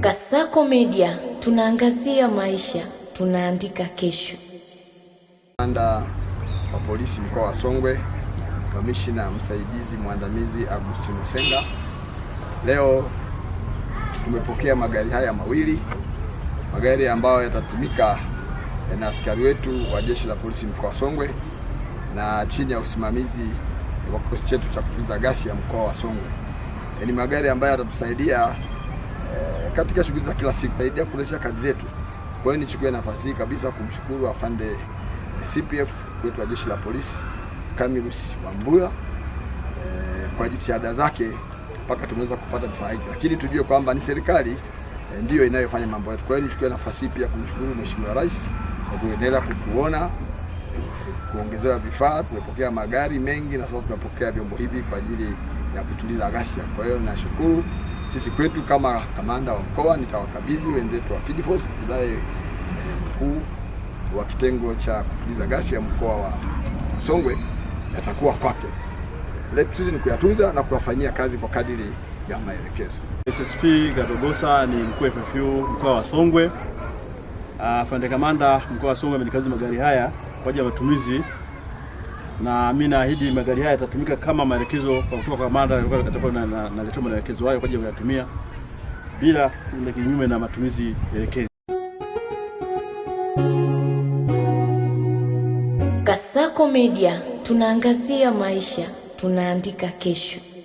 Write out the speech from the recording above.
Kasako Media tunaangazia maisha, tunaandika kesho. Kamanda wa polisi mkoa wa Songwe, kamishina msaidizi mwandamizi Agustino Senga, leo tumepokea magari haya mawili, magari ambayo yatatumika na askari wetu wa jeshi la polisi mkoa wa Songwe na chini ya usimamizi wa kikosi chetu cha kutunza gasi ya mkoa wa Songwe. Ni magari ambayo yatatusaidia katika shughuli za kila siku saidia kuresha kazi zetu. Kwa hiyo nichukue nafasi hii kabisa kumshukuru afande eh, CPF wetu wa jeshi la polisi Camillus Wambura eh, kwa jitihada zake mpaka tumeweza kupata vifaa hivi, lakini tujue kwamba ni serikali eh, ndiyo inayofanya mambo yetu. Kwa hiyo nichukue nafasi hii pia kumshukuru Mheshimiwa Rais kwa kuendelea kutuona eh, kuongezewa vifaa. Tumepokea magari mengi na sasa tunapokea vyombo hivi kwa ajili ya kutuliza ghasia. Kwa hiyo nashukuru. Sisi kwetu kama kamanda wa mkoa nitawakabidhi wenzetu wa Field Force, tunaye mkuu wa kitengo cha kutuliza ya mkoa wa Songwe, yatakuwa kwake. sisi ni kuyatunza na kuwafanyia kazi kwa kadiri ya maelekezo. SSP Gadogosa ni mkuu wa FFU mkoa wa Songwe. Afande ah, kamanda mkoa wa Songwe amenikabidhi magari haya kwa ajili ya matumizi na mimi naahidi magari haya yatatumika kama maelekezo kwa kutoka kwa manda atakuwa maelekezo hayo kwa ajili ya kuyatumia bila kwenda kinyume na matumizi elekezi. Kasako Media tunaangazia maisha, tunaandika kesho.